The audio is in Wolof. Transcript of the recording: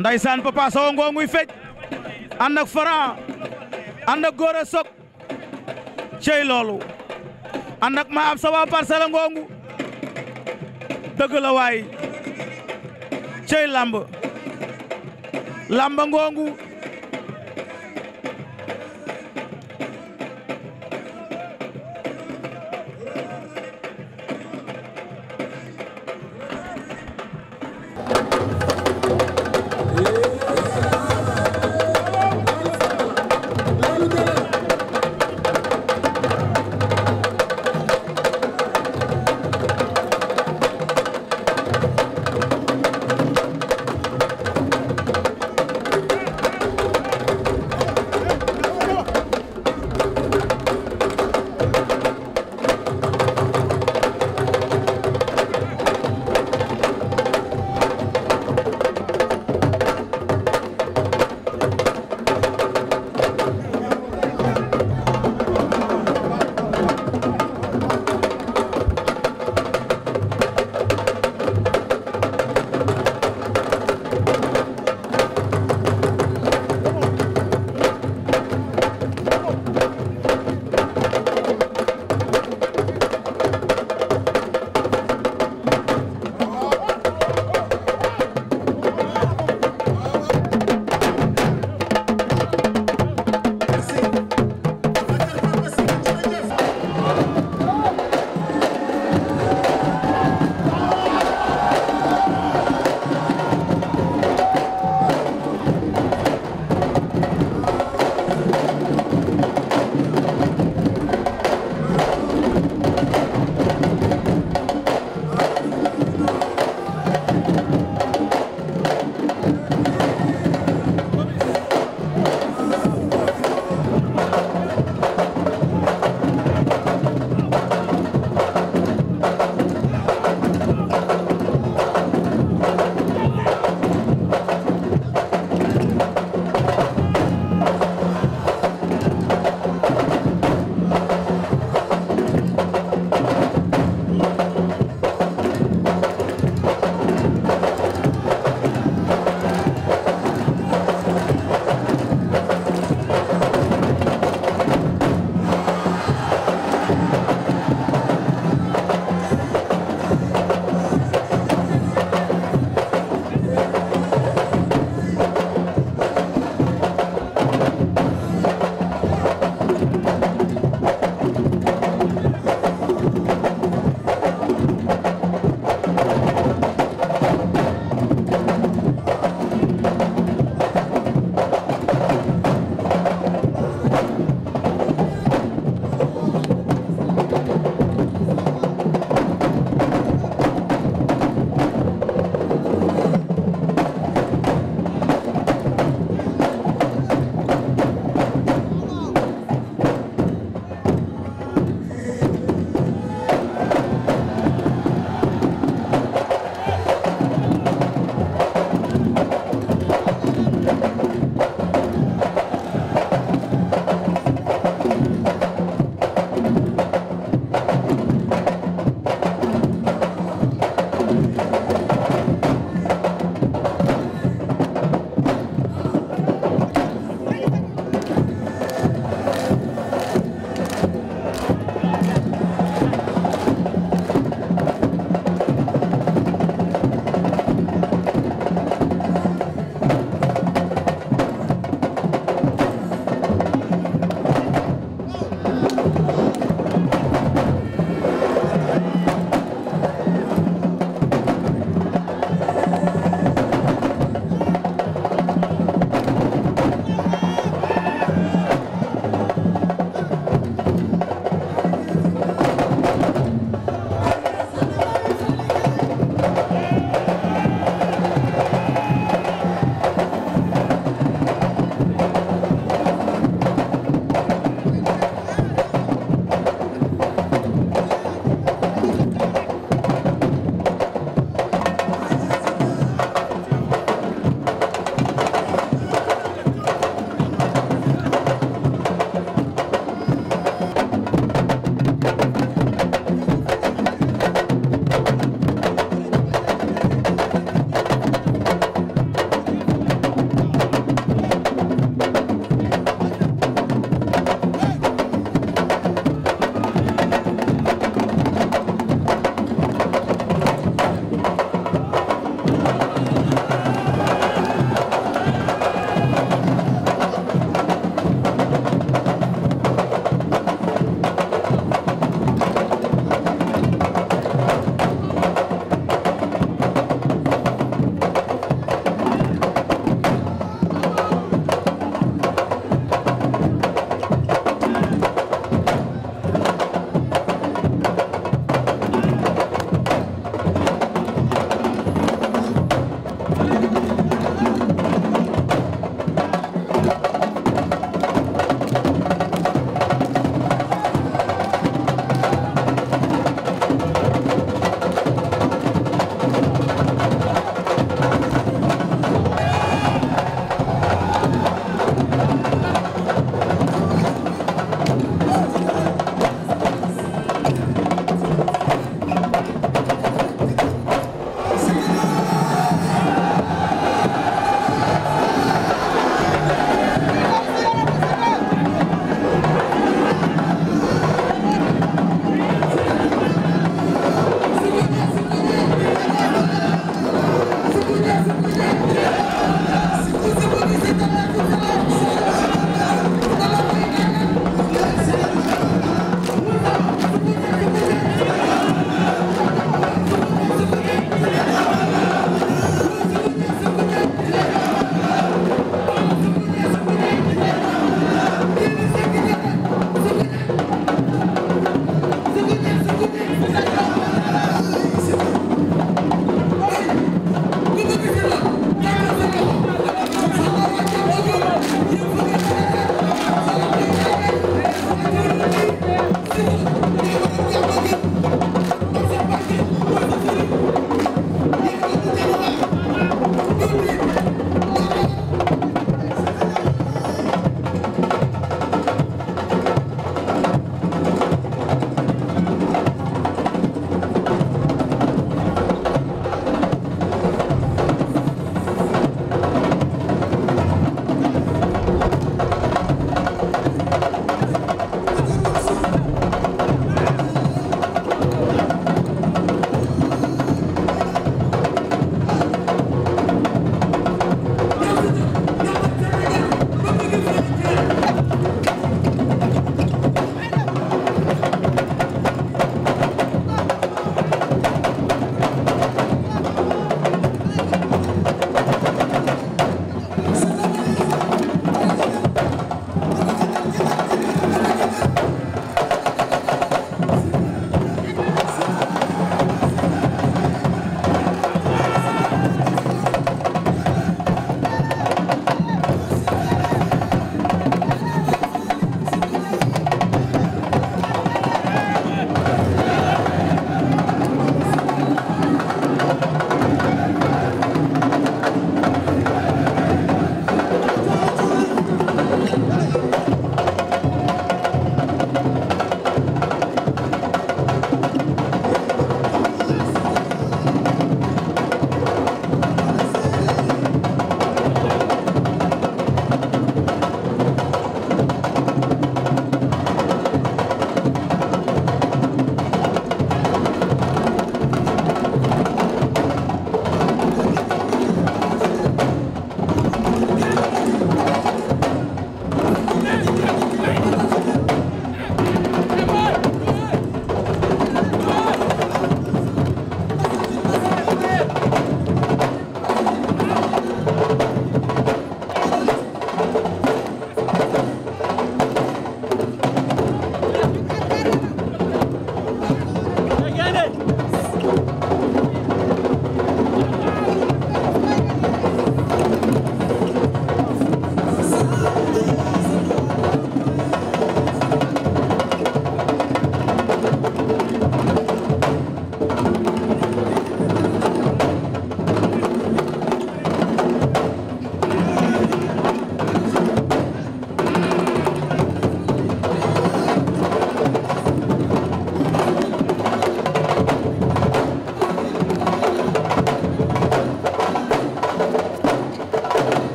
ndaysaan Papa Sow ngoo nguy fecc ànd ak Franc ànd ak Gora Sock cey loolu ànd ak ma ngoongu dëgg cey lamb lamba ngoongu